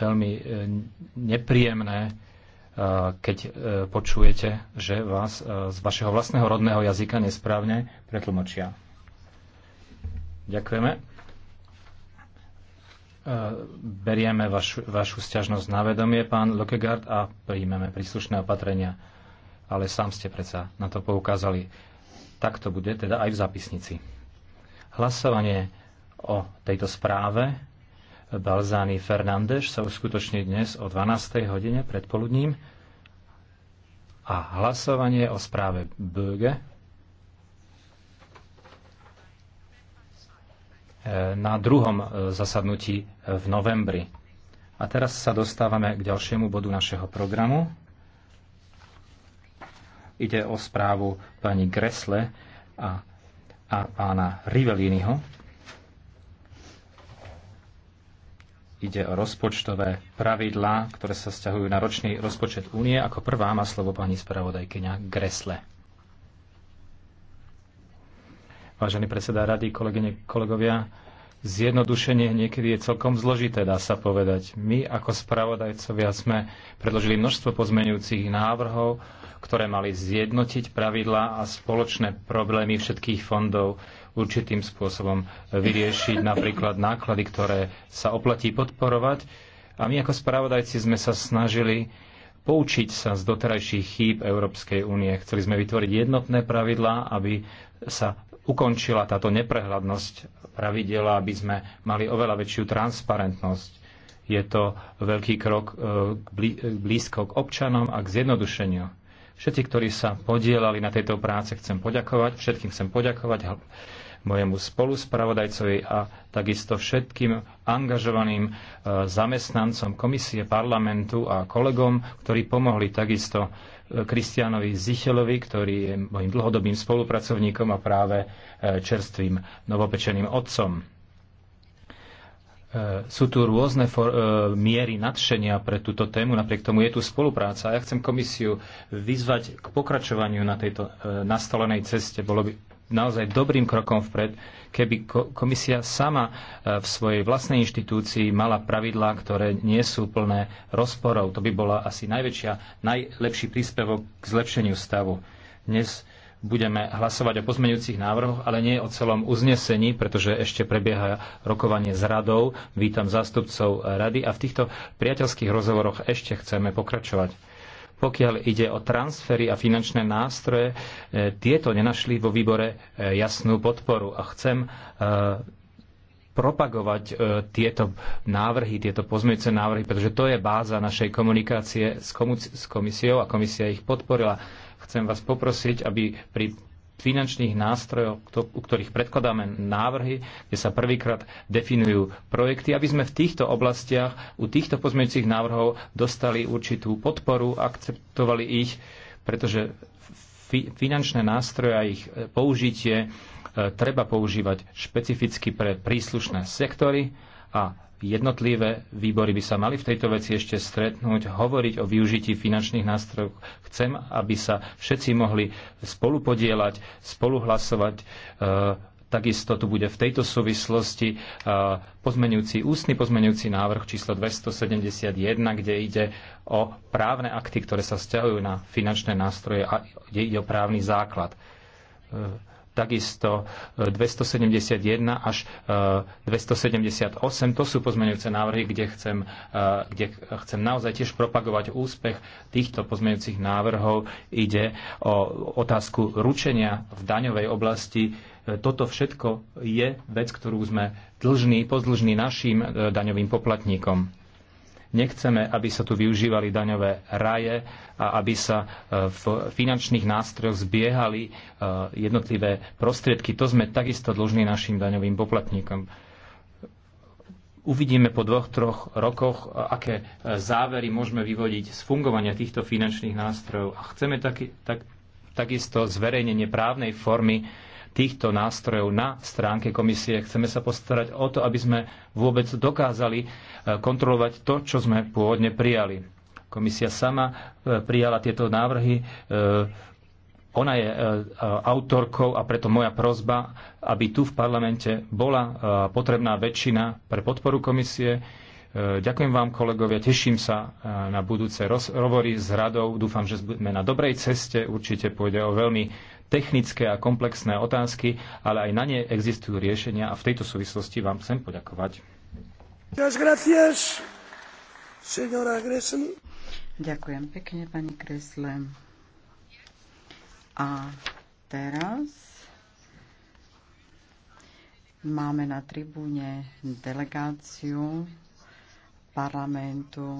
veľmi e, nepríjemné, e, keď e, počujete, že vás z vašeho vlastného rodného jazyka nesprávne pretlmočia. Ďakujeme. Berieme vaš, vašu stiažnosť na vedomie, pán Lokegard, a príjmeme príslušné opatrenia. Ale sám ste predsa na to poukázali. Tak to bude teda aj v zápisnici. Hlasovanie o tejto správe Balzány Fernández sa uskutoční dnes o 12. hodine predpoludním a hlasovanie o správe Böge e, na druhom e, zasadnutí e, v novembri. A teraz sa dostávame k ďalšiemu bodu našeho programu. Ide o správu pani Gresle a, a pána Riveliniho. Ide o rozpočtové pravidlá, ktoré sa vzťahujú na ročný rozpočet únie. Ako prvá má slovo pani spravodajkyňa Gresle. Vážený predseda rady, kolegyne, kolegovia, zjednodušenie niekedy je celkom zložité, dá sa povedať. My ako spravodajcovia sme predložili množstvo pozmenujúcich návrhov, ktoré mali zjednotiť pravidlá a spoločné problémy všetkých fondov určitým spôsobom vyriešiť, napríklad náklady, ktoré sa oplatí podporovať. A my ako spravodajci sme sa snažili poučiť sa z doterajších chýb Európskej únie. Chceli sme vytvoriť jednotné pravidlá, aby sa ukončila táto neprehľadnosť pravidel, aby sme mali oveľa väčšiu transparentnosť. Je to veľký krok e, e, blízko k občanom a k zjednodušeniu Všetci, ktorí sa podielali na tejto práce, chcem poďakovať. Všetkým chcem poďakovať mojemu spoluspravodajcovi a takisto všetkým angažovaným e, zamestnancom komisie parlamentu a kolegom, ktorí pomohli takisto e, Kristianovi Zichelovi, ktorý je mojim dlhodobým spolupracovníkom a práve e, čerstvým novopečeným otcom. E, sú tu rôzne for, e, miery nadšenia pre túto tému, napriek tomu je tu spolupráca. A ja chcem komisiu vyzvať k pokračovaniu na tejto e, nastolenej ceste. Bolo by naozaj dobrým krokom vpred, keby komisia sama e, v svojej vlastnej inštitúcii mala pravidlá, ktoré nie sú plné rozporov. To by bola asi najväčšia, najlepší príspevok k zlepšeniu stavu. Dnes budeme hlasovať o pozmeňujúcich návrhoch, ale nie o celom uznesení, pretože ešte prebieha rokovanie s radou. Vítam zástupcov rady a v týchto priateľských rozhovoroch ešte chceme pokračovať. Pokiaľ ide o transfery a finančné nástroje, e, tieto nenašli vo výbore e, jasnú podporu a chcem e, propagovať tieto návrhy, tieto pozmeňujúce návrhy, pretože to je báza našej komunikácie s komisiou a komisia ich podporila Chcem vás poprosiť, aby pri finančných nástrojov, u ktorých predkladáme návrhy, kde sa prvýkrát definujú projekty, aby sme v týchto oblastiach, u týchto pozmeňujúcich návrhov dostali určitú podporu, akceptovali ich, pretože fi- finančné nástroje a ich e, použitie e, treba používať špecificky pre príslušné sektory a Jednotlivé výbory by sa mali v tejto veci ešte stretnúť, hovoriť o využití finančných nástrojov. Chcem, aby sa všetci mohli spolupodielať, spoluhlasovať. E, takisto tu bude v tejto súvislosti e, pozmenujúci, ústny pozmenujúci návrh číslo 271, kde ide o právne akty, ktoré sa vzťahujú na finančné nástroje a kde ide o právny základ e, takisto 271 e, až 278. E, to sú pozmeňujúce návrhy, kde chcem, e, kde chcem naozaj tiež propagovať úspech týchto pozmeňujúcich návrhov. Ide o otázku ručenia v daňovej oblasti. Toto všetko je vec, ktorú sme dlžní, pozdlžní našim daňovým poplatníkom. Nechceme, aby sa tu využívali daňové raje a aby sa e, v finančných nástrojoch zbiehali e, jednotlivé prostriedky. To sme takisto dlžní našim daňovým poplatníkom. Uvidíme po dvoch, troch rokoch, e, aké závery môžeme vyvodiť z fungovania týchto finančných nástrojov. A chceme taky, tak, takisto zverejnenie právnej formy týchto nástrojov na stránke komisie. Chceme sa postarať o to, aby sme vôbec dokázali e, kontrolovať to, čo sme pôvodne prijali. Komisia sama e, prijala tieto návrhy. E, ona je autorkou a preto moja prozba, aby tu v parlamente bola potrebná väčšina pre podporu komisie. Ďakujem vám, kolegovia, teším sa na budúce rozhovory s radou. Dúfam, že sme na dobrej ceste. Určite pôjde o veľmi technické a komplexné otázky, ale aj na ne existujú riešenia a v tejto súvislosti vám chcem poďakovať. Ďakujem pekne, pani Kresle. A teraz máme na tribúne delegáciu parlamentu